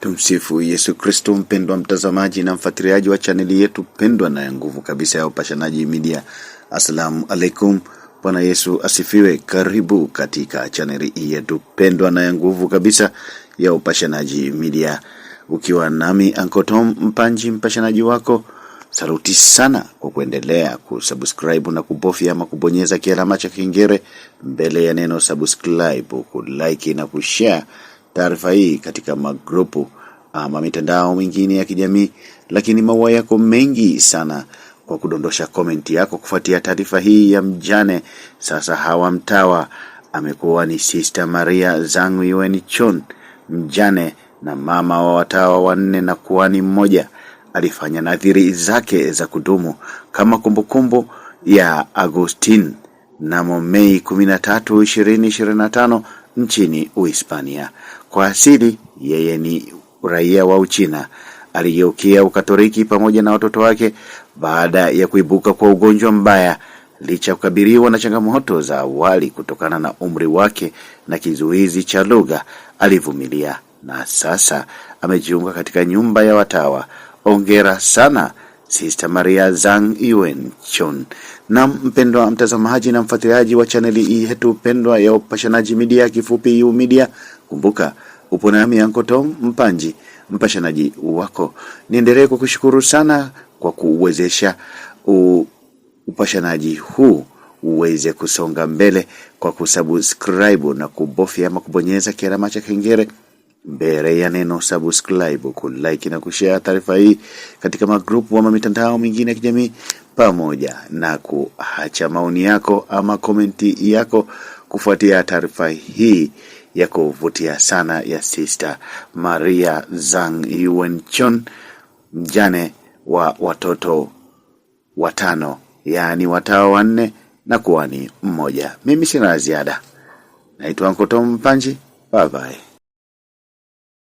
Tumsifu Yesu Kristo. Mpendwa mtazamaji na mfuatiliaji wa chaneli yetu pendwa na ya nguvu kabisa ya Upashanaji Media, assalamu alaikum. Bwana Yesu asifiwe. Karibu katika chaneli hii yetu pendwa na ya nguvu kabisa ya Upashanaji Media, ukiwa nami Uncle Tom Mpanji, mpashanaji wako. Saluti sana kwa kuendelea kusubscribe na kubofya ama kubonyeza kialama cha kengele mbele ya neno subscribe, kulike na kushare taarifa hii katika magrupu ama mitandao mingine ya kijamii, lakini maua yako mengi sana kwa kudondosha komenti yako kufuatia taarifa hii ya mjane. Sasa hawa mtawa amekuwa ni Sister Maria Zangu Yueni Chon, mjane na mama wa watawa wanne na kuani mmoja. Alifanya nadhiri zake za kudumu kama kumbukumbu ya Agustin mnamo Mei 13, 2025 nchini Uhispania. Kwa asili yeye ni raia wa Uchina. Aligeukia Ukatoliki pamoja na watoto wake baada ya kuibuka kwa ugonjwa mbaya, licha ya kukabiliwa na changamoto za awali kutokana na umri wake na kizuizi cha lugha. Alivumilia na sasa amejiunga katika nyumba ya watawa. Ongera sana Sister Maria Zhang Yuen Chun. Na mpendwa mtazamaji na mfuatiliaji wa chaneli hii yetu pendwa ya upashanaji media, kifupi U Media, kumbuka upo nami Anko Tom Mpanji, mpashanaji wako. Niendelee kukushukuru sana kwa kuwezesha upashanaji huu uweze kusonga mbele kwa kusubscribe na kubofya ama kubonyeza kialama cha kengele mbele ya neno subscribe, like na kushare taarifa hii katika magrupu ama mitandao mingine ya kijamii, pamoja na kuacha maoni yako ama komenti yako kufuatia taarifa hii ya kuvutia sana ya Sister Maria Zhang Yuanchon, mjane wa watoto watano, yaani watao wanne na kuwa ni mmoja. Mimi sina ziada, naitwa Nkoto Mpanji. Bye bye.